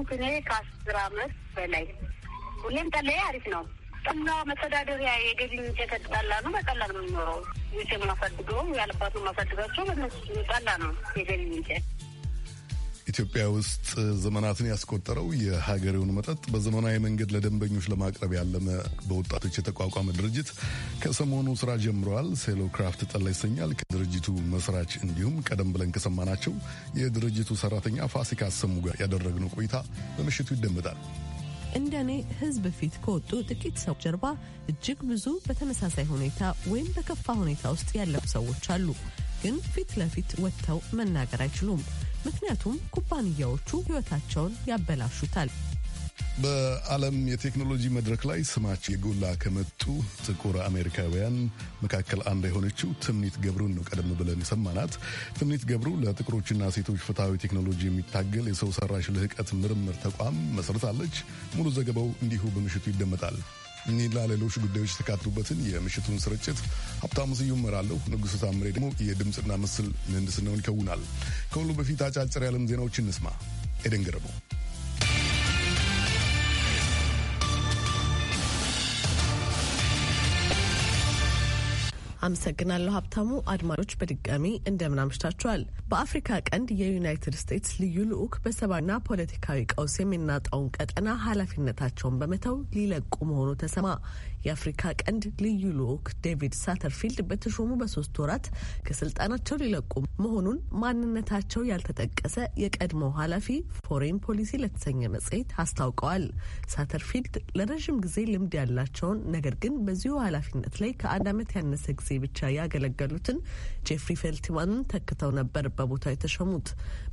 ያደረጉት እኔ ከአስር አመት በላይ ሁሌም ጠለያ አሪፍ ነው። እና መተዳደሪያ የገቢ ምንጭ ከተጣላ ነው። በጠላ ነው የምኖረው። ውጭ የማሳድገው ያለባት ማሳድጋቸው በነሱ ጠላ ነው የገቢ ምንጭ ኢትዮጵያ ውስጥ ዘመናትን ያስቆጠረው የሀገሬውን መጠጥ በዘመናዊ መንገድ ለደንበኞች ለማቅረብ ያለመ በወጣቶች የተቋቋመ ድርጅት ከሰሞኑ ስራ ጀምረዋል። ሴሎ ክራፍት ጠላ ይሰኛል። ከድርጅቱ መስራች እንዲሁም ቀደም ብለን ከሰማናቸው የድርጅቱ ሰራተኛ ፋሲካ አሰሙ ጋር ያደረግነው ቆይታ በምሽቱ ይደመጣል። እንደ እኔ ህዝብ ፊት ከወጡ ጥቂት ሰው ጀርባ እጅግ ብዙ በተመሳሳይ ሁኔታ ወይም በከፋ ሁኔታ ውስጥ ያለፉ ሰዎች አሉ፣ ግን ፊት ለፊት ወጥተው መናገር አይችሉም። ምክንያቱም ኩባንያዎቹ ህይወታቸውን ያበላሹታል። በዓለም የቴክኖሎጂ መድረክ ላይ ስማቸው የጎላ ከመጡ ጥቁር አሜሪካውያን መካከል አንዷ የሆነችው ትምኒት ገብሩን ነው ቀደም ብለን የሰማናት። ትምኒት ገብሩ ለጥቁሮችና ሴቶች ፍትሐዊ ቴክኖሎጂ የሚታገል የሰው ሰራሽ ልህቀት ምርምር ተቋም መስርታለች። ሙሉ ዘገባው እንዲሁ በምሽቱ ይደመጣል። እኒህና ሌሎች ጉዳዮች የተካቱበትን የምሽቱን ስርጭት ሀብታሙ ስዩም እመራለሁ። ንጉሥ ታምሬ ደግሞ የድምፅና ምስል ምህንድስናውን ይከውናል። ከሁሉ በፊት አጫጭር ያለም ዜናዎችን እንስማ። ኤደን ገረመው አመሰግናለሁ ሀብታሙ። አድማጮች በድጋሚ እንደምን አምሽታችኋል። በአፍሪካ ቀንድ የዩናይትድ ስቴትስ ልዩ ልዑክ በሰብአዊና ፖለቲካዊ ቀውስ የሚናጣውን ቀጠና ኃላፊነታቸውን በመተው ሊለቁ መሆኑ ተሰማ። የአፍሪካ ቀንድ ልዩ ልዑክ ዴቪድ ሳተርፊልድ በተሾሙ በሶስት ወራት ከስልጣናቸው ሊለቁ መሆኑን ማንነታቸው ያልተጠቀሰ የቀድሞው ኃላፊ ፎሬን ፖሊሲ ለተሰኘ መጽሔት አስታውቀዋል። ሳተርፊልድ ለረዥም ጊዜ ልምድ ያላቸውን ነገር ግን በዚሁ ኃላፊነት ላይ ከአንድ ዓመት ያነሰ ጊዜ ብቻ ያገለገሉትን ጄፍሪ ፌልቲማንን ተክተው ነበር በቦታው የተሾሙት።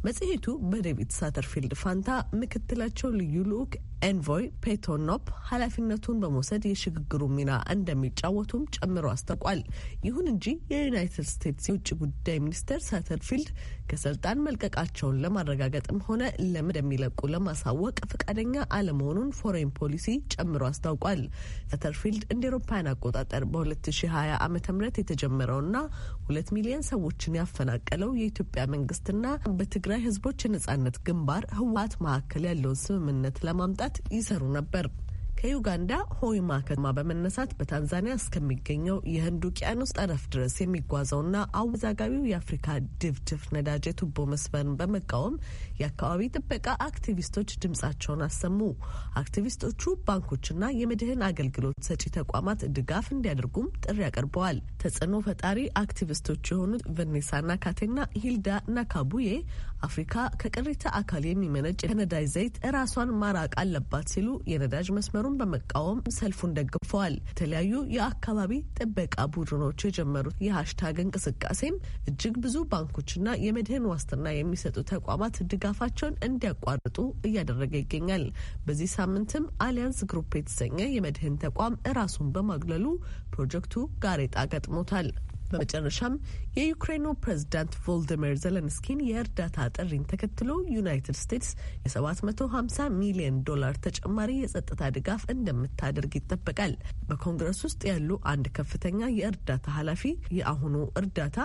መጽሔቱ በዴቪድ ሳተርፊልድ ፋንታ ምክትላቸው ልዩ ልዑክ ኤንቮይ ፔቶኖፕ ኃላፊነቱን በመውሰድ የሽግግሩ ሚና እንደሚጫወቱም ጨምሮ አስታውቋል። ይሁን እንጂ የዩናይትድ ስቴትስ የውጭ ጉዳይ ሚኒስቴር ሳተርፊልድ ከስልጣን መልቀቃቸውን ለማረጋገጥም ሆነ ለምን እንደሚለቁ ለማሳወቅ ፈቃደኛ አለመሆኑን ፎሬን ፖሊሲ ጨምሮ አስታውቋል። ሰተርፊልድ እንደ ኤሮፓያን አቆጣጠር በ2020 ዓ ም የተጀመረውና ሁለት ሚሊዮን ሰዎችን ያፈናቀለው የኢትዮጵያ መንግስትና በትግራይ ህዝቦች የነጻነት ግንባር ህወሓት መካከል ያለውን ስምምነት ለማምጣት ይሰሩ ነበር። ከዩጋንዳ ሆይማ ከተማ በመነሳት በታንዛኒያ እስከሚገኘው የህንድ ውቅያኖስ ጠረፍ ድረስ የሚጓዘውና አወዛጋቢው የአፍሪካ ድፍድፍ ነዳጅ የቱቦ መስመርን በመቃወም የአካባቢ ጥበቃ አክቲቪስቶች ድምጻቸውን አሰሙ። አክቲቪስቶቹ ባንኮችና የመድህን አገልግሎት ሰጪ ተቋማት ድጋፍ እንዲያደርጉም ጥሪ አቅርበዋል። ተጽዕኖ ፈጣሪ አክቲቪስቶች የሆኑት ቨኔሳ ካቴና ሂልዳ ናካቡዬ አፍሪካ ከቅሪተ አካል የሚመነጭ ከነዳጅ ዘይት ራሷን ማራቅ አለባት ሲሉ የነዳጅ መስመሩን በመቃወም ሰልፉን ደግፈዋል። የተለያዩ የአካባቢ ጥበቃ ቡድኖች የጀመሩት የሀሽታግ እንቅስቃሴም እጅግ ብዙ ባንኮችና የመድህን ዋስትና የሚሰጡ ተቋማት ድጋፋቸውን እንዲያቋርጡ እያደረገ ይገኛል። በዚህ ሳምንትም አሊያንስ ግሩፕ የተሰኘ የመድህን ተቋም ራሱን በማግለሉ ፕሮጀክቱ ጋሬጣ ገጥሞታል። በመጨረሻም የዩክሬኑ ፕሬዝዳንት ቮልዲሚር ዘለንስኪን የእርዳታ ጥሪን ተከትሎ ዩናይትድ ስቴትስ የ750 ሚሊዮን ዶላር ተጨማሪ የጸጥታ ድጋፍ እንደምታደርግ ይጠበቃል። በኮንግረስ ውስጥ ያሉ አንድ ከፍተኛ የእርዳታ ኃላፊ የአሁኑ እርዳታ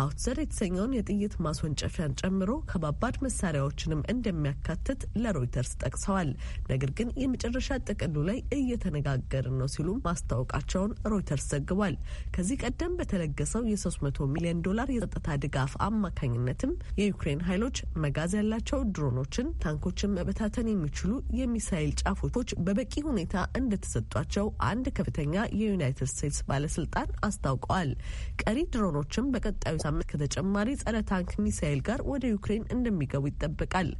ሀውትዘር የተሰኘውን የጥይት ማስወንጨፊያን ጨምሮ ከባባድ መሳሪያዎችንም እንደሚያካትት ለሮይተርስ ጠቅሰዋል። ነገር ግን የመጨረሻ ጥቅሉ ላይ እየተነጋገርን ነው ሲሉ ማስታወቃቸውን ሮይተርስ ዘግቧል። ከዚህ ቀደም በተለገሰው የ300 ሚሊዮን ሚሊዮን ዶላር የጸጥታ ድጋፍ አማካኝነትም የዩክሬን ኃይሎች መጋዝ ያላቸው ድሮኖችን፣ ታንኮችን መበታተን የሚችሉ የሚሳይል ጫፎች በበቂ ሁኔታ እንደተሰጧቸው አንድ ከፍተኛ የዩናይትድ ስቴትስ ባለስልጣን አስታውቀዋል። ቀሪ ድሮኖችም በቀጣዩ ሳምንት ከተጨማሪ ጸረ ታንክ ሚሳይል ጋር ወደ ዩክሬን እንደሚገቡ ይጠበቃል።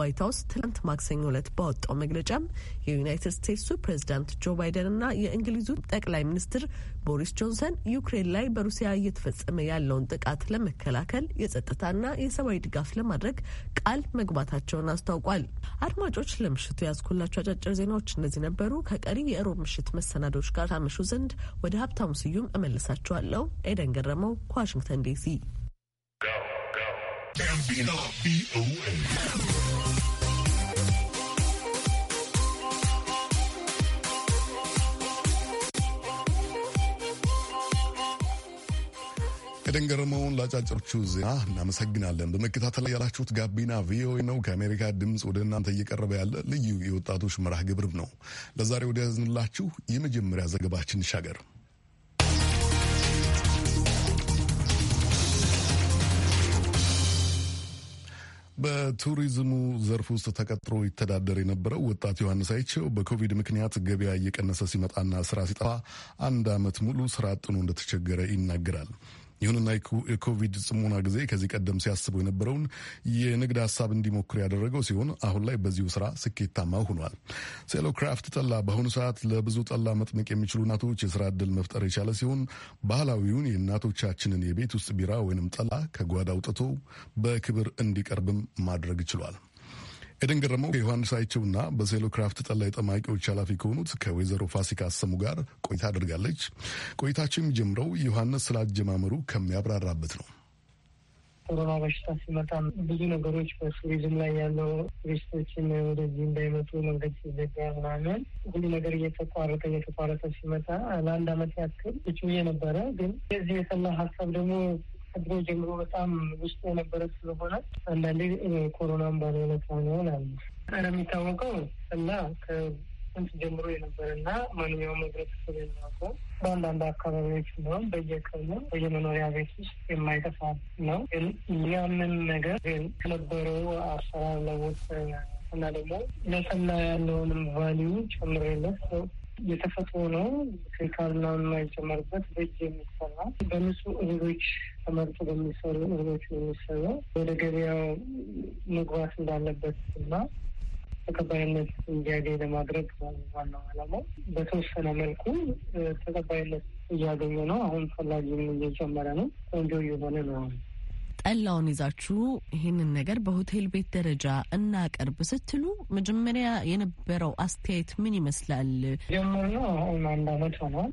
ዋይት ሀውስ ትላንት ማክሰኞ ዕለት ባወጣው መግለጫም የዩናይትድ ስቴትሱ ፕሬዚዳንት ጆ ባይደን እና የእንግሊዙ ጠቅላይ ሚኒስትር ቦሪስ ጆንሰን ዩክሬን ላይ በሩሲያ እየተፈጸመ ያለውን ጥቃት ለመከላከል የጸጥታና የሰብአዊ ድጋፍ ለማድረግ ቃል መግባታቸውን አስታውቋል። አድማጮች፣ ለምሽቱ ያዝኩላቸው አጫጭር ዜናዎች እነዚህ ነበሩ። ከቀሪ የእሮብ ምሽት መሰናዶች ጋር ታመሹ ዘንድ ወደ ሀብታሙ ስዩም እመልሳችኋለሁ። ኤደን ገረመው ከዋሽንግተን ዲሲ ኤደን ገረመውን ለአጫጭሮቹ ዜና እናመሰግናለን። በመከታተል ላይ ያላችሁት ጋቢና ቪኦኤ ነው። ከአሜሪካ ድምፅ ወደ እናንተ እየቀረበ ያለ ልዩ የወጣቶች መርሃ ግብር ነው። ለዛሬ ወደ ያዝንላችሁ የመጀመሪያ ዘገባችን ይሻገር። በቱሪዝሙ ዘርፍ ውስጥ ተቀጥሮ ይተዳደር የነበረው ወጣት ዮሐንስ አይቸው በኮቪድ ምክንያት ገበያ እየቀነሰ ሲመጣና ስራ ሲጠፋ አንድ ዓመት ሙሉ ስራ አጥኖ እንደተቸገረ ይናገራል። ይሁንና የኮቪድ ጽሞና ጊዜ ከዚህ ቀደም ሲያስበው የነበረውን የንግድ ሀሳብ እንዲሞክር ያደረገው ሲሆን አሁን ላይ በዚሁ ስራ ስኬታማ ሆኗል። ሴሎ ክራፍት ጠላ በአሁኑ ሰዓት ለብዙ ጠላ መጥመቅ የሚችሉ እናቶች የስራ እድል መፍጠር የቻለ ሲሆን ባህላዊውን የእናቶቻችንን የቤት ውስጥ ቢራ ወይንም ጠላ ከጓዳ አውጥቶ በክብር እንዲቀርብም ማድረግ ችሏል። ኤደን ገረመው ከዮሐንስ አይቸውና በሴሎ ክራፍት ጠላይ ጠማቂዎች ኃላፊ ከሆኑት ከወይዘሮ ፋሲካ አሰሙ ጋር ቆይታ አድርጋለች። ቆይታቸው የሚጀምረው ዮሐንስ ስላጀማመሩ ከሚያብራራበት ነው። ኮሮና በሽታ ሲመጣ ብዙ ነገሮች በቱሪዝም ላይ ያለው ቱሪስቶችን ወደዚህ እንዳይመጡ መንገድ ሲዘጋ ምናምን ሁሉ ነገር እየተቋረጠ እየተቋረጠ ሲመጣ ለአንድ አመት ያክል ብቻ ነበረ። ግን የዚህ የተላ ሀሳብ ደግሞ ከድሮ ጀምሮ በጣም ውስጥ የነበረ ስለሆነ አንዳንዴ ኮሮናም ባለሆነት ሆነውን አለ ረ የሚታወቀው እና ከጥንት ጀምሮ የነበረ እና ማንኛውም ህብረተሰብ የሚያውቀው በአንዳንድ አካባቢዎች እንደውም በየቀኑ በየመኖሪያ ቤት ውስጥ የማይጠፋ ነው። ግን ያንን ነገር ግን ከነበረው አሰራር ለውጥ እና ደግሞ ለሰላ ያለውንም ቫሊዩ ጨምሬለት የተፈጥሮ ነው። ኬሚካል ምናምን የማይጨመርበት በእጅ የሚሰራ በንጹህ እህሎች ተመርጦ በሚሰሩ እህሎች የሚሰራው ወደ ገበያው መግባት እንዳለበት እና ተቀባይነት እንዲያገኝ ለማድረግ ዋናው ዓላማው በተወሰነ መልኩ ተቀባይነት እያገኘ ነው። አሁን ፈላጊም እየጨመረ ነው። ቆንጆ እየሆነ ነው። ጠላውን ይዛችሁ ይህንን ነገር በሆቴል ቤት ደረጃ እናቀርብ ስትሉ መጀመሪያ የነበረው አስተያየት ምን ይመስላል? ጀምር ነው አሁን አንድ አመት ሆኗል።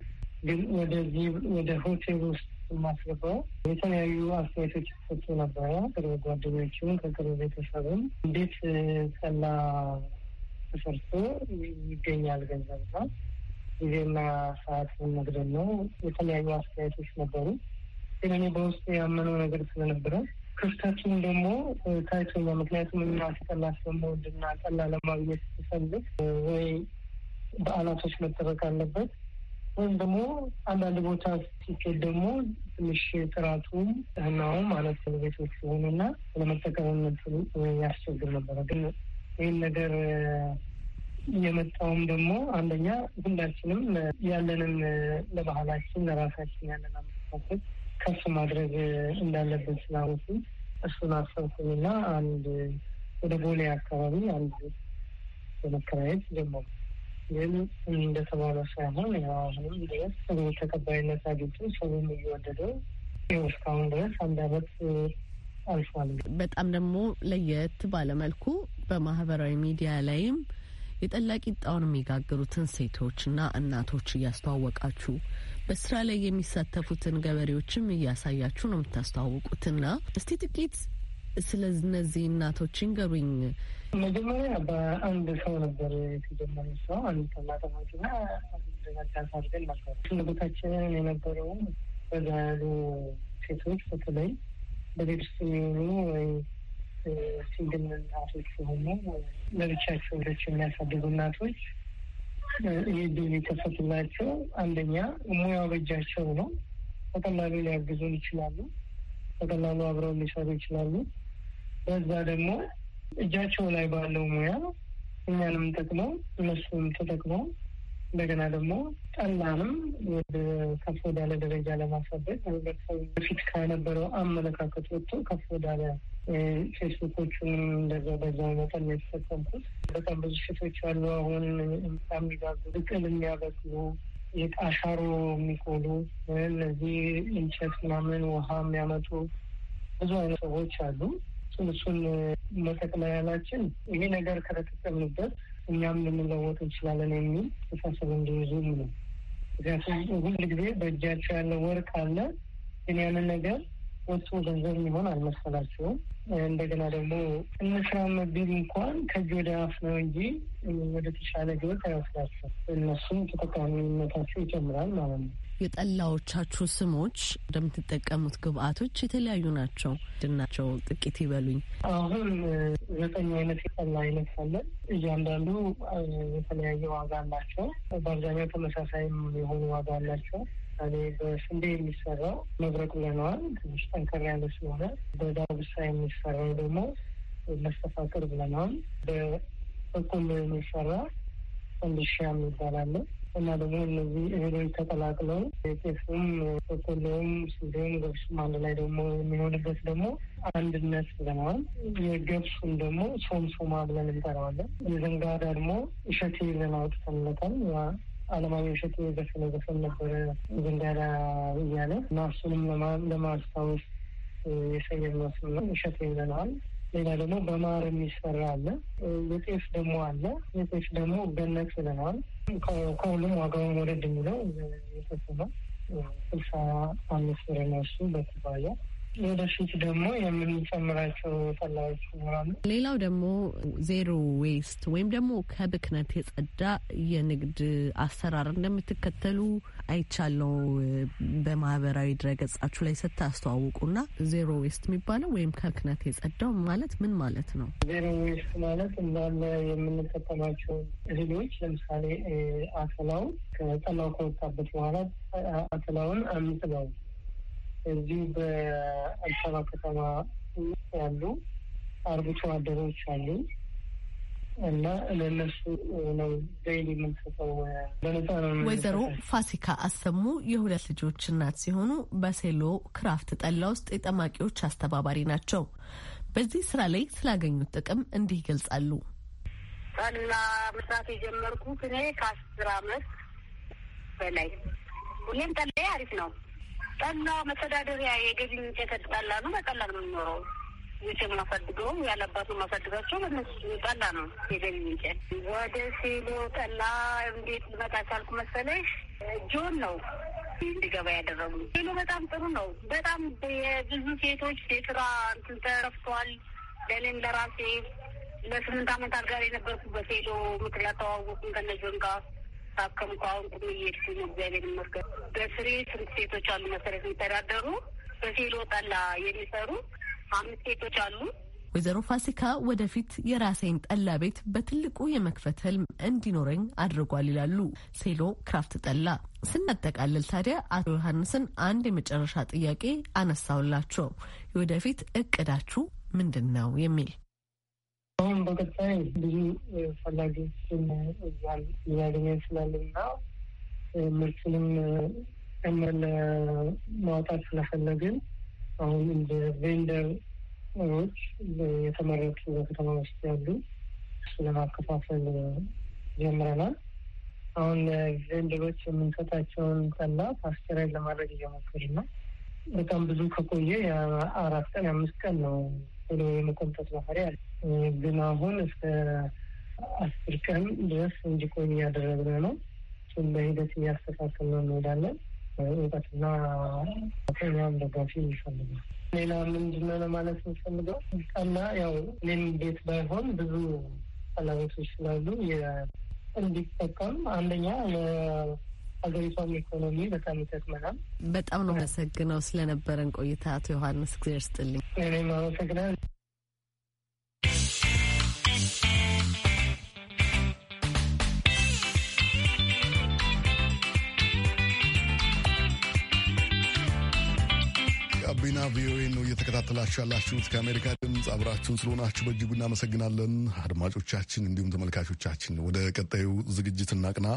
ግን ወደዚህ ወደ ሆቴል ውስጥ ማስገባው የተለያዩ አስተያየቶች ሰጡ ነበረ። ቅርብ ጓደኞችም ከቅርብ ቤተሰብም እንዴት ጠላ ተሰርቶ ይገኛል ገንዘብና ጊዜና ሰዓት መግደል ነው። የተለያዩ አስተያየቶች ነበሩ። እኔ በውስጥ ያመነው ነገር ስለነበረ ክፍተቱን ደግሞ ታይቶኛል። ምክንያቱም እናስጠላ ስለምወድና ጠላ ለማግኘት ስፈልግ ወይ በዓላቶች መጠበቅ አለበት ወይም ደግሞ አንዳንድ ቦታ ሲኬድ ደግሞ ትንሽ ጥራቱም ጥህናውም ማለት ቤቶች ሲሆኑና ለመጠቀምነት ያስቸግር ነበረ። ግን ይህን ነገር የመጣውም ደግሞ አንደኛ ሁላችንም ያለንን ለባህላችን ለራሳችን ያለን አመለካከት ከፍ ማድረግ እንዳለብን ስላሉት እሱን አሰብኩኝና አንድ ወደ ቦሌ አካባቢ አንድ በመከራየት ጀመሩ። ግን እንደተባለ ሳይሆን አሁንም ድረስ ተቀባይነት አግኝቶ ሰውም እየወደደው እስካሁን ድረስ አንድ አመት አልፏል። በጣም ደግሞ ለየት ባለመልኩ በማህበራዊ ሚዲያ ላይም የጠላቂጣውን የሚጋግሩትን የሚጋግሩትን ሴቶችና እናቶች እያስተዋወቃችሁ በስራ ላይ የሚሳተፉትን ገበሬዎችም እያሳያችሁ ነው የምታስተዋውቁትና እስቲ ጥቂት ስለ እነዚህ እናቶች ንገሩኝ። መጀመሪያ በአንድ ሰው ነበር የተጀመረ ሰው አንድ ማጠማጭና አድርገን ነበር ፍላጎታችንን የነበረው በዛ ያሉ ሴቶች በተለይ በቤት ውስጥ የሚሆኑ ወይ ሲንግል እናቶች ሲሆኑ ለብቻቸው ልጆች የሚያሳድጉ እናቶች የእድል የከፈቱላቸው አንደኛ ሙያው በእጃቸው ነው። በቀላሉ ሊያግዙን ይችላሉ። በቀላሉ አብረው ሊሰሩ ይችላሉ። በዛ ደግሞ እጃቸው ላይ ባለው ሙያ እኛንም ጠቅመው እነሱም ተጠቅመው እንደገና ደግሞ ጠላንም ወደ ከፍ ወዳለ ደረጃ ለማሳደግ በፊት ከነበረው አመለካከት ወጥቶ ከፍ ወዳለ ፌስቡኮቹንም እንደዛ በዛ መጠን የተጠቀምኩት በጣም ብዙ ሴቶች አሉ። አሁን የሚጋዙ ብቅል የሚያበቅሉ የጣሻሮ የሚቆሉ እነዚህ እንጨት ምናምን ውሃ የሚያመጡ ብዙ አይነት ሰዎች አሉ። እሱን መጠቅለያላችን ይሄ ነገር ከተጠቀምንበት እኛም ልንለወጥ እንችላለን የሚል ተሳሰብ እንዲይዙ ነው። ምክንያቱም ሁል ጊዜ በእጃቸው ያለ ወርቅ አለ ግን ያንን ነገር ወጥቶ ገንዘብ የሚሆን አልመሰላቸውም። እንደገና ደግሞ እንስራም ቢል እንኳን ከእጅ ወደ አፍ ነው እንጂ ወደ ተሻለ ህይወት አይወስዳቸውም። እነሱም ተጠቃሚነታቸው ይጨምራል ማለት ነው። የጠላዎቻችሁ ስሞች እንደምትጠቀሙት ግብአቶች የተለያዩ ናቸው ድናቸው ጥቂት ይበሉኝ። አሁን ዘጠኝ አይነት የጠላ አይነት አለን። እያንዳንዱ የተለያየ ዋጋ አላቸው። በአብዛኛው ተመሳሳይም የሆኑ ዋጋ አላቸው። ለምሳሌ በስንዴ የሚሰራው መብረቅ ብለነዋል፣ ትንሽ ጠንከር ያለ ስለሆነ። በዳጉሳ የሚሰራው ደግሞ መስተፋቅር ብለነዋል። በበቆሎ የሚሰራ ፈንዲሻ ይባላል። እና ደግሞ እነዚህ እህሎች ተቀላቅለው ጤፍም፣ በቆሎም፣ ስንዴም ገብሱም አንድ ላይ ደግሞ የሚሆንበት ደግሞ አንድነት ብለነዋል። የገብሱም ደግሞ ሶምሶማ ብለን እንጠራዋለን። የዘንጋዳ ደግሞ እሸቴ ብለን አውጥተንለታል። አለማዊ እሸቱ የዘፈነ ዘፈን ነበረ ዝንዳዳ እያለ እና እሱንም ለማስታወስ የሰየምነው ስም ነው እሸቱ ይዘነዋል። ሌላ ደግሞ በማር የሚሰራ አለ። የጤፍ ደግሞ አለ። የጤፍ ደግሞ ገነት ይለናል። ከሁሉም ዋጋውን ወደድ የሚለው የጤፍ ነው። ስልሳ አምስት ብር ነው እሱ በኩባያ ወደፊት ደግሞ የምንጨምራቸው ጠላዎች ይኖራሉ። ሌላው ደግሞ ዜሮ ዌስት ወይም ደግሞ ከብክነት የጸዳ የንግድ አሰራር እንደምትከተሉ አይቻለው በማህበራዊ ድረገጻችሁ ላይ ስታስተዋውቁና ዜሮ ዌስት የሚባለው ወይም ከብክነት የጸዳው ማለት ምን ማለት ነው? ዜሮ ዌስት ማለት እንዳለ የምንጠቀማቸው እህሎች ለምሳሌ አተላው ከጠላው ከወጣበት በኋላ አተላውን አምጥበው እዚህ በአዲስ አበባ ከተማ ያሉ አርብቶ አደሮች አሉ እና ለእነሱ ነው ዴይሊ የምንሰጠው በነጻ ነው። ወይዘሮ ፋሲካ አሰሙ የሁለት ልጆች እናት ሲሆኑ በሴሎ ክራፍት ጠላ ውስጥ የጠማቂዎች አስተባባሪ ናቸው። በዚህ ስራ ላይ ስላገኙት ጥቅም እንዲህ ይገልጻሉ። ጠላ መስራት የጀመርኩት እኔ ከአስር አመት በላይ ሁሌም ጠላ አሪፍ ነው ጠና መተዳደሪያ የገቢ ምንጭ የተጣላ ነው። በቀላል ነው የሚኖረው ውጭ የማፈልገውም ያለባት የማፈልጋቸው በነሱ ጠላ ነው የገቢ ምንጭ። ወደ ሲሎ ጠላ እንዴት ልመጣ ቻልኩ መሰለሽ? ጆን ነው እንዲገባ ያደረጉ። ሲሎ በጣም ጥሩ ነው። በጣም የብዙ ሴቶች የስራ እንትን ተረፍተዋል። ለእኔም ለራሴ ለስምንት አመት አልጋር የነበርኩ በሴሎ ምክር ያተዋወቁን ከነጆን ጋር ታከምኩ። አሁን ቁም እየሄድኩ ነው። እግዚአብሔር ይመስገን። በስሬ ስንት ሴቶች አሉ መሰረት የሚተዳደሩ በሴሎ ጠላ የሚሰሩ አምስት ሴቶች አሉ። ወይዘሮ ፋሲካ ወደፊት የራሴን ጠላ ቤት በትልቁ የመክፈት ህልም እንዲኖረኝ አድርጓል ይላሉ። ሴሎ ክራፍት ጠላ ስናጠቃልል ታዲያ አቶ ዮሐንስን አንድ የመጨረሻ ጥያቄ አነሳውላቸው። የወደፊት እቅዳችሁ ምንድን ነው የሚል አሁን በቀጣይ ብዙ ፈላጊዎችን እዛም እያገኘ ስላለና ምርትንም ጨምረን ማውጣት ስለፈለግን አሁን እንደ ቬንደሮች የተመረቱ በከተማ ውስጥ ያሉ ለማከፋፈል ጀምረናል። አሁን ቬንደሮች የምንሰጣቸውን ጠላ ፓስቸራይዝ ለማድረግ እየሞከርን ነው። በጣም ብዙ ከቆየ የአራት ቀን የአምስት ቀን ነው ቶሎ የመቆምጠጥ ባህሪ አለ። ግን አሁን እስከ አስር ቀን ድረስ እንዲቆይ እያደረግን ነው። እሱም በሂደት እያስተካከልን እንሄዳለን። እውቀትና ከኛም ደጋፊ ይፈልጋል። ሌላ ምንድነው ለማለት የሚፈልገው ጠላ ያው እኔም ቤት ባይሆን ብዙ ጠላ ስላሉ እንዲጠቀም አንደኛ ሀገሪቷም ኢኮኖሚ በጣም ይጠቅመናል። በጣም ነው መሰግነው ስለነበረን ቆይታ አቶ ዮሐንስ እግዜር ስጥልኝ። እኔም አመሰግናል። ጋቢና ቪኦኤ ነው እየተከታተላችሁ ያላችሁት። ከአሜሪካ ድምፅ አብራችሁን ስለሆናችሁ በእጅጉ እናመሰግናለን አድማጮቻችን፣ እንዲሁም ተመልካቾቻችን። ወደ ቀጣዩ ዝግጅት እናቅና።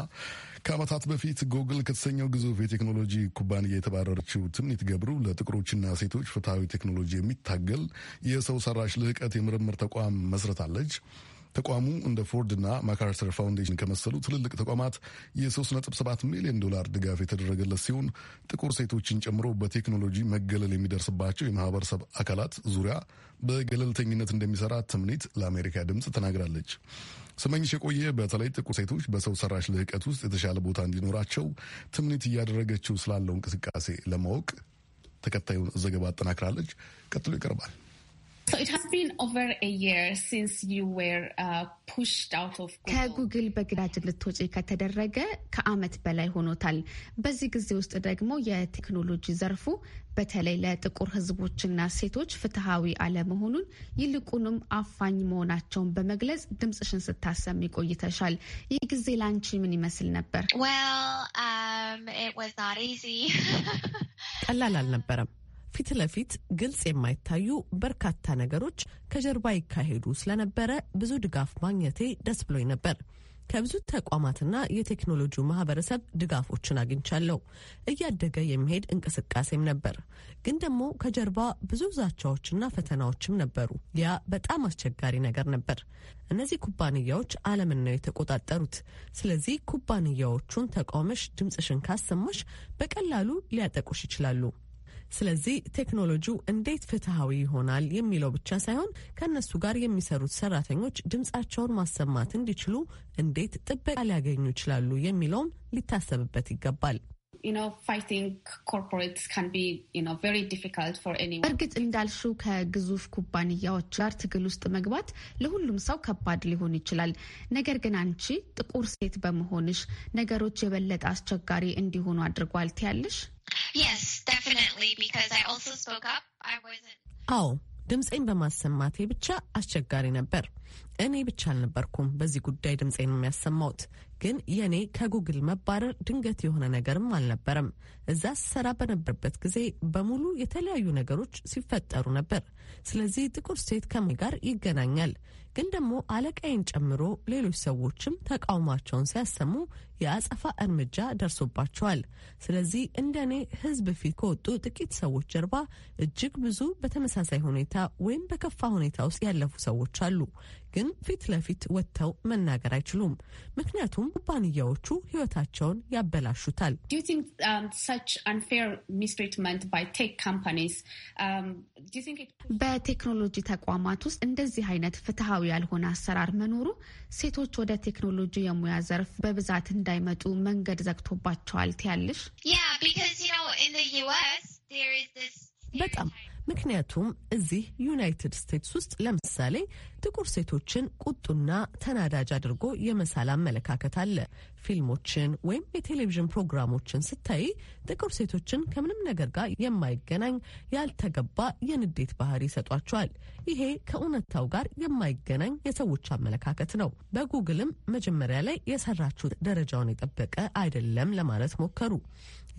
ከዓመታት በፊት ጎግል ከተሰኘው ግዙፍ የቴክኖሎጂ ኩባንያ የተባረረችው ትምኒት ገብሩ ለጥቁሮችና ሴቶች ፍትሐዊ ቴክኖሎጂ የሚታገል የሰው ሰራሽ ልህቀት የምርምር ተቋም መስረታለች። ተቋሙ እንደ ፎርድና ማካርተር ፋውንዴሽን ከመሰሉ ትልልቅ ተቋማት የ3.7 ሚሊዮን ዶላር ድጋፍ የተደረገለት ሲሆን ጥቁር ሴቶችን ጨምሮ በቴክኖሎጂ መገለል የሚደርስባቸው የማህበረሰብ አካላት ዙሪያ በገለልተኝነት እንደሚሰራ ትምኒት ለአሜሪካ ድምፅ ተናግራለች። ስመኝሽ የቆየ በተለይ ጥቁር ሴቶች በሰው ሰራሽ ልህቀት ውስጥ የተሻለ ቦታ እንዲኖራቸው ትምኒት እያደረገችው ስላለው እንቅስቃሴ ለማወቅ ተከታዩን ዘገባ አጠናክራለች። ቀጥሎ ይቀርባል። ከጉግል በግዳጅ ልትወጪ ከተደረገ ከዓመት በላይ ሆኖታል። በዚህ ጊዜ ውስጥ ደግሞ የቴክኖሎጂ ዘርፉ በተለይ ለጥቁር ሕዝቦችና ሴቶች ፍትሐዊ አለመሆኑን ይልቁንም አፋኝ መሆናቸውን በመግለጽ ድምጽሽን ስታሰሚ ቆይተሻል። ይህ ጊዜ ላንቺ ምን ይመስል ነበር? Um, ቀላል አልነበረም። ፊት ለፊት ግልጽ የማይታዩ በርካታ ነገሮች ከጀርባ ይካሄዱ ስለነበረ ብዙ ድጋፍ ማግኘቴ ደስ ብሎኝ ነበር። ከብዙ ተቋማትና የቴክኖሎጂው ማህበረሰብ ድጋፎችን አግኝቻለሁ። እያደገ የሚሄድ እንቅስቃሴም ነበር። ግን ደግሞ ከጀርባ ብዙ ዛቻዎችና ፈተናዎችም ነበሩ። ያ በጣም አስቸጋሪ ነገር ነበር። እነዚህ ኩባንያዎች ዓለምን ነው የተቆጣጠሩት። ስለዚህ ኩባንያዎቹን ተቃውመሽ ድምፅሽን ካሰማሽ በቀላሉ ሊያጠቁሽ ይችላሉ። ስለዚህ ቴክኖሎጂው እንዴት ፍትሐዊ ይሆናል የሚለው ብቻ ሳይሆን ከእነሱ ጋር የሚሰሩት ሰራተኞች ድምጻቸውን ማሰማት እንዲችሉ እንዴት ጥበቃ ሊያገኙ ይችላሉ የሚለውም ሊታሰብበት ይገባል። እርግጥ እንዳልሹ ከግዙፍ ኩባንያዎች ጋር ትግል ውስጥ መግባት ለሁሉም ሰው ከባድ ሊሆን ይችላል። ነገር ግን አንቺ ጥቁር ሴት በመሆንሽ ነገሮች የበለጠ አስቸጋሪ እንዲሆኑ አድርጓል ትያለሽ? Yes, definitely, because I also spoke up. I wasn't... Oh. ድምፄን በማሰማቴ ብቻ አስቸጋሪ ነበር። እኔ ብቻ አልነበርኩም በዚህ ጉዳይ ድምፄን የሚያሰማውት ግን የእኔ ከጉግል መባረር ድንገት የሆነ ነገርም አልነበረም። እዛ ስሰራ በነበርበት ጊዜ በሙሉ የተለያዩ ነገሮች ሲፈጠሩ ነበር። ስለዚህ ጥቁር ሴት ከሜ ጋር ይገናኛል። ግን ደግሞ አለቃይን ጨምሮ ሌሎች ሰዎችም ተቃውሟቸውን ሲያሰሙ የአጸፋ እርምጃ ደርሶባቸዋል። ስለዚህ እንደ እኔ ህዝብ ፊት ከወጡ ጥቂት ሰዎች ጀርባ እጅግ ብዙ በተመሳሳይ ሁኔታ ወይም በከፋ ሁኔታ ውስጥ ያለፉ ሰዎች አሉ። ግን ፊት ለፊት ወጥተው መናገር አይችሉም። ምክንያቱም ኩባንያዎቹ ህይወታቸውን ያበላሹታል። um, um, በቴክኖሎጂ ተቋማት ውስጥ እንደዚህ አይነት ፍትሐዊ ያልሆነ አሰራር መኖሩ ሴቶች ወደ ቴክኖሎጂ የሙያ ዘርፍ በብዛት እንዳይመጡ መንገድ ዘግቶባቸዋል ትያለሽ? በጣም ምክንያቱም እዚህ ዩናይትድ ስቴትስ ውስጥ ለምሳሌ ጥቁር ሴቶችን ቁጡና ተናዳጅ አድርጎ የመሳል አመለካከት አለ። ፊልሞችን ወይም የቴሌቪዥን ፕሮግራሞችን ስታይ ጥቁር ሴቶችን ከምንም ነገር ጋር የማይገናኝ ያልተገባ የንዴት ባህሪ ይሰጧቸዋል። ይሄ ከእውነታው ጋር የማይገናኝ የሰዎች አመለካከት ነው። በጉግልም መጀመሪያ ላይ የሰራችሁት ደረጃውን የጠበቀ አይደለም ለማለት ሞከሩ።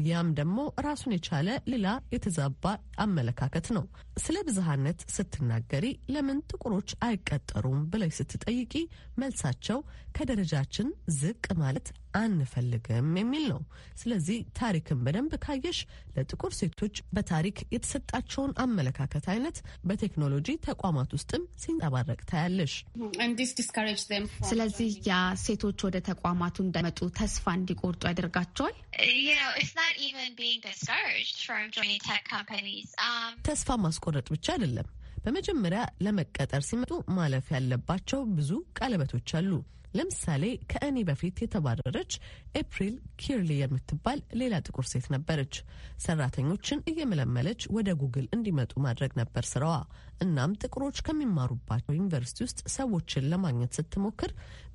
ያም ደግሞ ራሱን የቻለ ሌላ የተዛባ አመለካከት ነው። ስለ ብዝሃነት ስትናገሪ ለምን ጥቁሮች አይቀጠሩም ብለሽ ስትጠይቂ መልሳቸው ከደረጃችን ዝቅ ማለት አንፈልግም የሚል ነው። ስለዚህ ታሪክን በደንብ ካየሽ ለጥቁር ሴቶች በታሪክ የተሰጣቸውን አመለካከት አይነት በቴክኖሎጂ ተቋማት ውስጥም ሲንጸባረቅ ታያለሽ። ስለዚህ ያ ሴቶች ወደ ተቋማቱ እንዳይመጡ ተስፋ እንዲቆርጡ ያደርጋቸዋል። um, ተስፋ ማስቆረጥ ብቻ አይደለም በመጀመሪያ ለመቀጠር ሲመጡ ማለፍ ያለባቸው ብዙ ቀለበቶች አሉ። ለምሳሌ ከእኔ በፊት የተባረረች ኤፕሪል ኪርሊ የምትባል ሌላ ጥቁር ሴት ነበረች። ሰራተኞችን እየመለመለች ወደ ጉግል እንዲመጡ ማድረግ ነበር ስራዋ። እናም ጥቁሮች ከሚማሩባቸው ዩኒቨርሲቲ ውስጥ ሰዎችን ለማግኘት ስትሞክር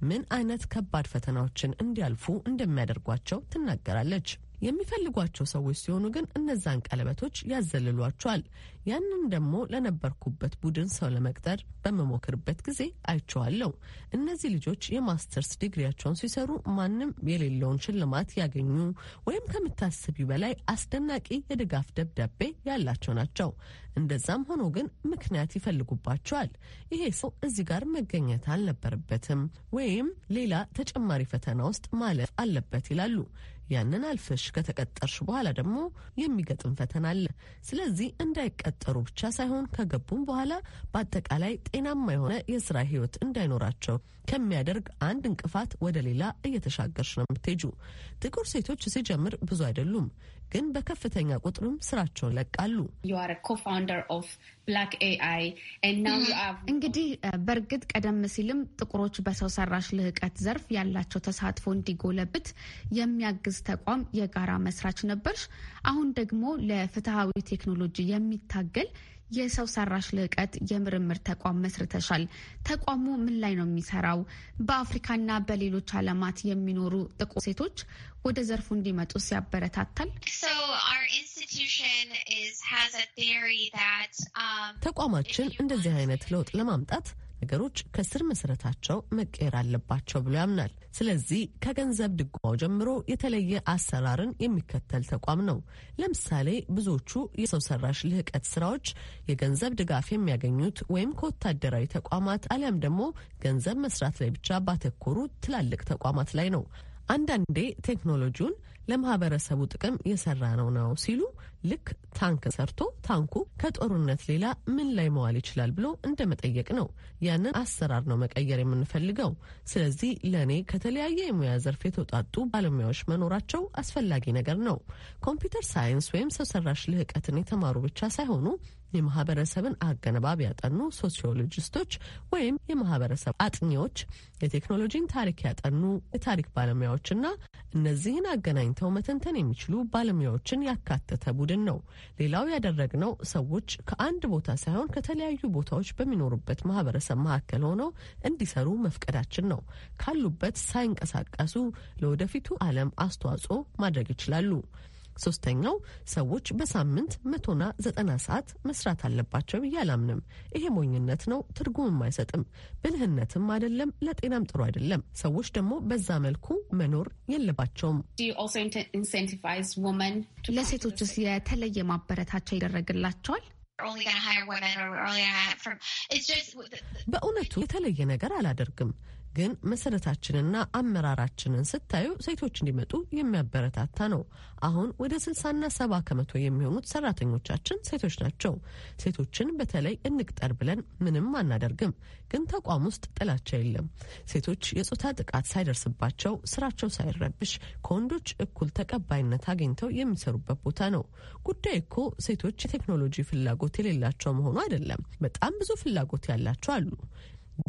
ምን አይነት ከባድ ፈተናዎችን እንዲያልፉ እንደሚያደርጓቸው ትናገራለች። የሚፈልጓቸው ሰዎች ሲሆኑ ግን እነዛን ቀለበቶች ያዘልሏቸዋል። ያንን ደግሞ ለነበርኩበት ቡድን ሰው ለመቅጠር በመሞክርበት ጊዜ አይቸዋለሁ። እነዚህ ልጆች የማስተርስ ዲግሪያቸውን ሲሰሩ ማንም የሌለውን ሽልማት ያገኙ ወይም ከምታስቢው በላይ አስደናቂ የድጋፍ ደብዳቤ ያላቸው ናቸው። እንደዛም ሆኖ ግን ምክንያት ይፈልጉባቸዋል። ይሄ ሰው እዚህ ጋር መገኘት አልነበረበትም ወይም ሌላ ተጨማሪ ፈተና ውስጥ ማለፍ አለበት ይላሉ። ያንን አልፈሽ ከተቀጠርሽ በኋላ ደግሞ የሚገጥም ፈተና አለ። ስለዚህ እንዳይቀጠሩ ብቻ ሳይሆን ከገቡም በኋላ በአጠቃላይ ጤናማ የሆነ የስራ ህይወት እንዳይኖራቸው ከሚያደርግ አንድ እንቅፋት ወደ ሌላ እየተሻገርሽ ነው የምትሄጁ። ጥቁር ሴቶች ሲጀምር ብዙ አይደሉም። ግን በከፍተኛ ቁጥርም ስራቸውን ለቃሉ። እንግዲህ በእርግጥ ቀደም ሲልም ጥቁሮች በሰው ሰራሽ ልህቀት ዘርፍ ያላቸው ተሳትፎ እንዲጎለብት የሚያግዝ ተቋም የጋራ መስራች ነበርሽ። አሁን ደግሞ ለፍትሐዊ ቴክኖሎጂ የሚታገል የሰው ሰራሽ ልዕቀት የምርምር ተቋም መስርተሻል። ተቋሙ ምን ላይ ነው የሚሰራው? በአፍሪካና በሌሎች ዓለማት የሚኖሩ ጥቁር ሴቶች ወደ ዘርፉ እንዲመጡ ያበረታታል። um, ተቋማችን እንደዚህ አይነት ለውጥ ለማምጣት ነገሮች ከስር መሰረታቸው መቀየር አለባቸው ብሎ ያምናል። ስለዚህ ከገንዘብ ድጎማው ጀምሮ የተለየ አሰራርን የሚከተል ተቋም ነው። ለምሳሌ ብዙዎቹ የሰው ሰራሽ ልህቀት ስራዎች የገንዘብ ድጋፍ የሚያገኙት ወይም ከወታደራዊ ተቋማት አሊያም ደግሞ ገንዘብ መስራት ላይ ብቻ ባተኮሩ ትላልቅ ተቋማት ላይ ነው። አንዳንዴ ቴክኖሎጂውን ለማህበረሰቡ ጥቅም የሰራ ነው ነው ሲሉ ልክ ታንክ ሰርቶ ታንኩ ከጦርነት ሌላ ምን ላይ መዋል ይችላል ብሎ እንደ መጠየቅ ነው። ያንን አሰራር ነው መቀየር የምንፈልገው። ስለዚህ ለእኔ ከተለያየ የሙያ ዘርፍ የተውጣጡ ባለሙያዎች መኖራቸው አስፈላጊ ነገር ነው። ኮምፒውተር ሳይንስ ወይም ሰው ሰራሽ ልህቀትን የተማሩ ብቻ ሳይሆኑ የማህበረሰብን አገነባብ ያጠኑ ሶሲዮሎጂስቶች ወይም የማህበረሰብ አጥኚዎች፣ የቴክኖሎጂን ታሪክ ያጠኑ የታሪክ ባለሙያዎችና እነዚህን አገናኝተው መተንተን የሚችሉ ባለሙያዎችን ያካተተ ቡድን ነው። ሌላው ያደረግነው ሰዎች ከአንድ ቦታ ሳይሆን ከተለያዩ ቦታዎች በሚኖሩበት ማህበረሰብ መካከል ሆነው እንዲሰሩ መፍቀዳችን ነው። ካሉበት ሳይንቀሳቀሱ ለወደፊቱ ዓለም አስተዋጽኦ ማድረግ ይችላሉ። ሶስተኛው ሰዎች በሳምንት መቶና ዘጠና ሰዓት መስራት አለባቸው ብዬ አላምንም። ይሄ ሞኝነት ነው፣ ትርጉምም አይሰጥም፣ ብልህነትም አይደለም፣ ለጤናም ጥሩ አይደለም። ሰዎች ደግሞ በዛ መልኩ መኖር የለባቸውም። ለሴቶችስ የተለየ ማበረታቻ ይደረግላቸዋል? በእውነቱ የተለየ ነገር አላደርግም። ግን መሰረታችንና አመራራችንን ስታዩ ሴቶች እንዲመጡ የሚያበረታታ ነው። አሁን ወደ ስልሳና ሰባ ከመቶ የሚሆኑት ሰራተኞቻችን ሴቶች ናቸው። ሴቶችን በተለይ እንቅጠር ብለን ምንም አናደርግም፣ ግን ተቋም ውስጥ ጥላቻ የለም። ሴቶች የጾታ ጥቃት ሳይደርስባቸው ስራቸው ሳይረብሽ ከወንዶች እኩል ተቀባይነት አግኝተው የሚሰሩበት ቦታ ነው። ጉዳይ እኮ ሴቶች የቴክኖሎጂ ፍላጎት የሌላቸው መሆኑ አይደለም። በጣም ብዙ ፍላጎት ያላቸው አሉ።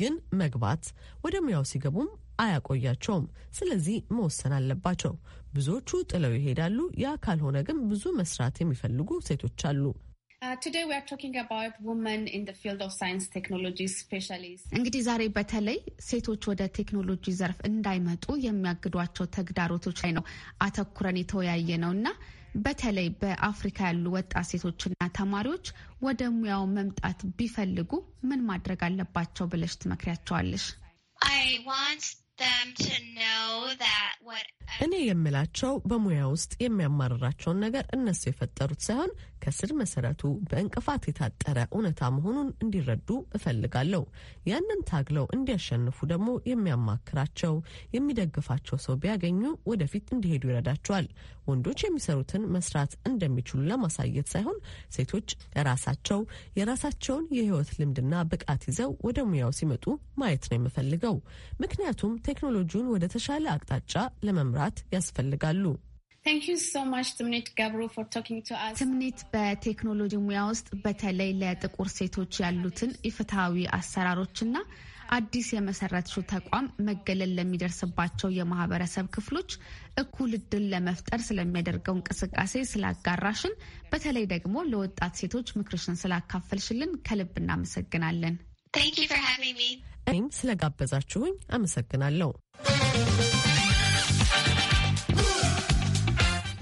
ግን መግባት ወደ ሙያው ሲገቡም አያቆያቸውም። ስለዚህ መወሰን አለባቸው። ብዙዎቹ ጥለው ይሄዳሉ። ያ ካልሆነ ግን ብዙ መስራት የሚፈልጉ ሴቶች አሉ። uh, እንግዲህ ዛሬ በተለይ ሴቶች ወደ ቴክኖሎጂ ዘርፍ እንዳይመጡ የሚያግዷቸው ተግዳሮቶች ላይ ነው አተኩረን የተወያየ ነው እና በተለይ በአፍሪካ ያሉ ወጣት ሴቶችና ተማሪዎች ወደ ሙያው መምጣት ቢፈልጉ ምን ማድረግ አለባቸው ብለሽ ትመክሪያቸዋለሽ? እኔ የምላቸው በሙያ ውስጥ የሚያማርራቸውን ነገር እነሱ የፈጠሩት ሳይሆን ከስር መሰረቱ በእንቅፋት የታጠረ እውነታ መሆኑን እንዲረዱ እፈልጋለሁ። ያንን ታግለው እንዲያሸንፉ ደግሞ የሚያማክራቸው የሚደግፋቸው ሰው ቢያገኙ ወደፊት እንዲሄዱ ይረዳቸዋል። ወንዶች የሚሰሩትን መስራት እንደሚችሉ ለማሳየት ሳይሆን ሴቶች ራሳቸው የራሳቸውን የህይወት ልምድና ብቃት ይዘው ወደ ሙያው ሲመጡ ማየት ነው የምፈልገው። ምክንያቱም ቴክኖሎጂውን ወደ ተሻለ አቅጣጫ ለመምራት ያስፈልጋሉ። ትምኒት በቴክኖሎጂ ሙያ ውስጥ በተለይ ለጥቁር ሴቶች ያሉትን የፍትሐዊ አሰራሮችና አዲስ የመሰረትሽው ተቋም መገለል ለሚደርስባቸው የማህበረሰብ ክፍሎች እኩል እድል ለመፍጠር ስለሚያደርገው እንቅስቃሴ ስላጋራሽን፣ በተለይ ደግሞ ለወጣት ሴቶች ምክርሽን ስላካፈልሽልን ከልብ እናመሰግናለን። እኔም ስለጋበዛችሁኝ አመሰግናለሁ።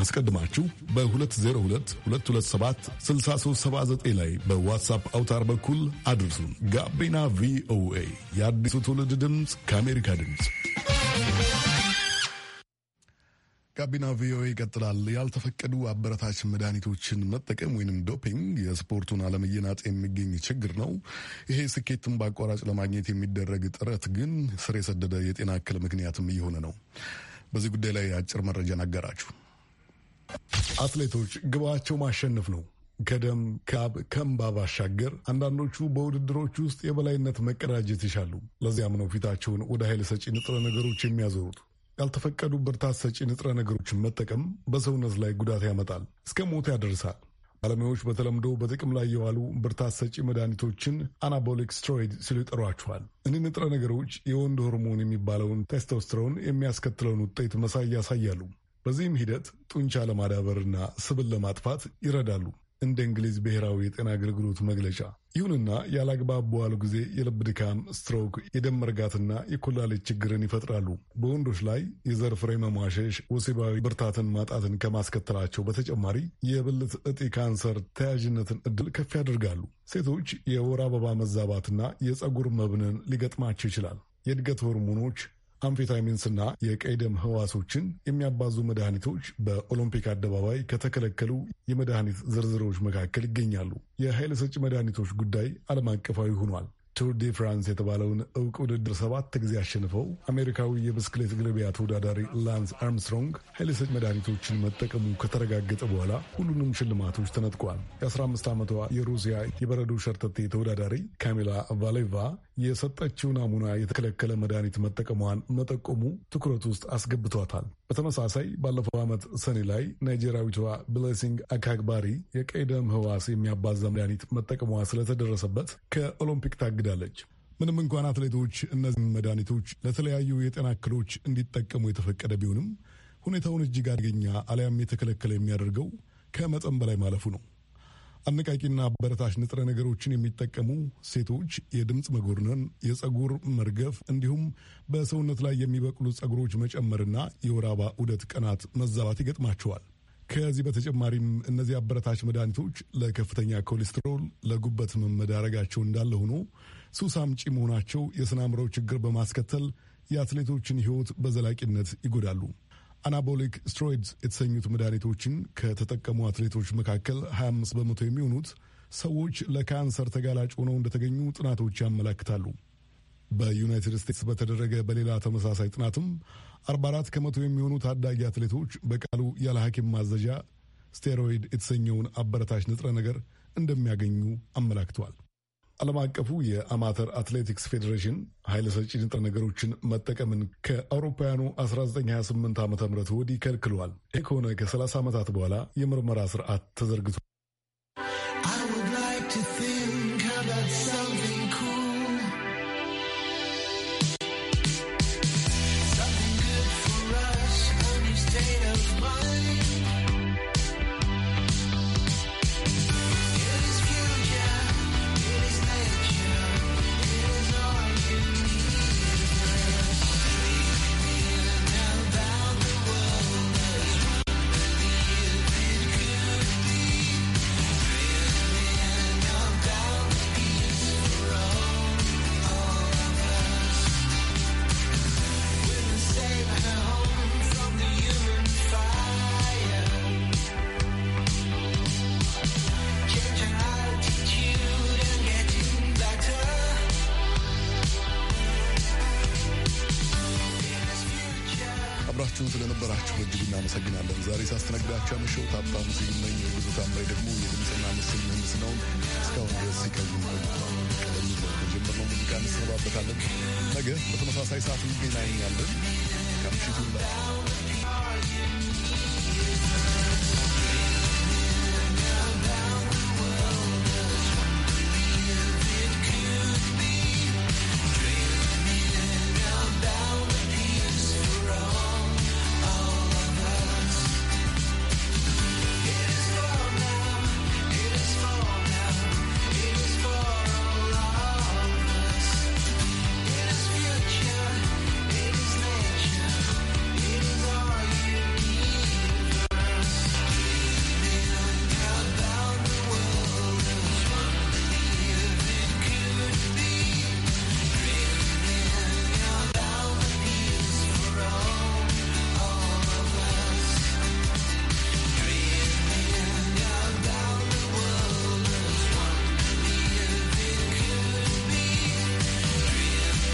አስቀድማችሁ በ2022276379 ላይ በዋትሳፕ አውታር በኩል አድርሱን። ጋቢና ቪኦኤ የአዲሱ ትውልድ ድምፅ ከአሜሪካ ድምፅ ጋቢና ቪኦኤ ይቀጥላል። ያልተፈቀዱ አበረታች መድኃኒቶችን መጠቀም ወይንም ዶፒንግ የስፖርቱን አለመየናጥ የሚገኝ ችግር ነው። ይሄ ስኬትን በአቋራጭ ለማግኘት የሚደረግ ጥረት ግን ስር የሰደደ የጤና እክል ምክንያትም እየሆነ ነው። በዚህ ጉዳይ ላይ አጭር መረጃ ናገራችሁ። አትሌቶች ግባቸው ማሸነፍ ነው። ከደም ካብ ከምባ ባሻገር አንዳንዶቹ በውድድሮች ውስጥ የበላይነት መቀዳጀት ይሻሉ። ለዚያም ነው ፊታቸውን ወደ ኃይል ሰጪ ንጥረ ነገሮች የሚያዞሩት። ያልተፈቀዱ ብርታት ሰጪ ንጥረ ነገሮችን መጠቀም በሰውነት ላይ ጉዳት ያመጣል፣ እስከ ሞት ያደርሳል። ባለሙያዎች በተለምዶ በጥቅም ላይ የዋሉ ብርታት ሰጪ መድኃኒቶችን አናቦሊክ ስትሮይድ ሲሉ ይጠሯቸዋል። እኒህ ንጥረ ነገሮች የወንድ ሆርሞን የሚባለውን ቴስቶስትሮን የሚያስከትለውን ውጤት መሳይ ያሳያሉ። በዚህም ሂደት ጡንቻ ለማዳበርና ስብን ለማጥፋት ይረዳሉ። እንደ እንግሊዝ ብሔራዊ የጤና አገልግሎት መግለጫ። ይሁንና ያላግባብ በዋሉ ጊዜ የልብ ድካም፣ ስትሮክ፣ የደም መርጋትና የኩላሊት ችግርን ይፈጥራሉ። በወንዶች ላይ የዘር ፍሬ መሟሸሽ ወሲባዊ ብርታትን ማጣትን ከማስከተላቸው በተጨማሪ የብልት እጢ ካንሰር ተያዥነትን እድል ከፍ ያደርጋሉ። ሴቶች የወር አበባ መዛባትና የፀጉር መብንን ሊገጥማቸው ይችላል። የእድገት ሆርሞኖች አምፌታሚንስና የቀይ ደም ህዋሶችን የሚያባዙ መድኃኒቶች በኦሎምፒክ አደባባይ ከተከለከሉ የመድኃኒት ዝርዝሮች መካከል ይገኛሉ። የኃይል ሰጪ መድኃኒቶች ጉዳይ ዓለም አቀፋዊ ሆኗል። ቱር ዲ ፍራንስ የተባለውን እውቅ ውድድር ሰባት ጊዜ አሸንፈው አሜሪካዊ የብስክሌት ግልቢያ ተወዳዳሪ ላንስ አርምስትሮንግ ኃይል ሰጪ መድኃኒቶችን መጠቀሙ ከተረጋገጠ በኋላ ሁሉንም ሽልማቶች ተነጥቋል። የ15 ዓመቷ የሩሲያ የበረዶ ሸርተቴ ተወዳዳሪ ካሚላ ቫሌቫ የሰጠችው ናሙና የተከለከለ መድኃኒት መጠቀሟን መጠቆሙ ትኩረት ውስጥ አስገብቷታል። በተመሳሳይ ባለፈው ዓመት ሰኔ ላይ ናይጄሪያዊቷ ብሌሲንግ አካግባሪ የቀይ ደም ህዋስ የሚያባዛ መድኃኒት መጠቀሟ ስለተደረሰበት ከኦሎምፒክ ታግዳለች። ምንም እንኳን አትሌቶች እነዚህ መድኃኒቶች ለተለያዩ የጤና እክሎች እንዲጠቀሙ የተፈቀደ ቢሆንም ሁኔታውን እጅግ አደገኛ አሊያም የተከለከለ የሚያደርገው ከመጠን በላይ ማለፉ ነው። አነቃቂና አበረታች ንጥረ ነገሮችን የሚጠቀሙ ሴቶች የድምፅ መጎርነን፣ የፀጉር መርገፍ እንዲሁም በሰውነት ላይ የሚበቅሉ ፀጉሮች መጨመርና የወር አበባ ዑደት ቀናት መዛባት ይገጥማቸዋል። ከዚህ በተጨማሪም እነዚህ አበረታች መድኃኒቶች ለከፍተኛ ኮሌስትሮል፣ ለጉበት መመዳረጋቸው መዳረጋቸው እንዳለ ሆኖ ሱስ አምጪ መሆናቸው የስነ አእምሮ ችግር በማስከተል የአትሌቶችን ሕይወት በዘላቂነት ይጎዳሉ። አናቦሊክ ስትሮይድስ የተሰኙት መድኃኒቶችን ከተጠቀሙ አትሌቶች መካከል 25 በመቶ የሚሆኑት ሰዎች ለካንሰር ተጋላጭ ሆነው እንደተገኙ ጥናቶች ያመላክታሉ። በዩናይትድ ስቴትስ በተደረገ በሌላ ተመሳሳይ ጥናትም 44 ከመቶ የሚሆኑ ታዳጊ አትሌቶች በቃሉ ያለ ሐኪም ማዘዣ ስቴሮይድ የተሰኘውን አበረታች ንጥረ ነገር እንደሚያገኙ አመላክተዋል። ዓለም አቀፉ የአማተር አትሌቲክስ ፌዴሬሽን ኃይለ ሰጪ ንጥረ ነገሮችን መጠቀምን ከአውሮፓውያኑ 1928 ዓ ም ወዲህ ከልክሏል። ይህ ከሆነ ከ30 ዓመታት በኋላ የምርመራ ስርዓት ተዘርግቷል።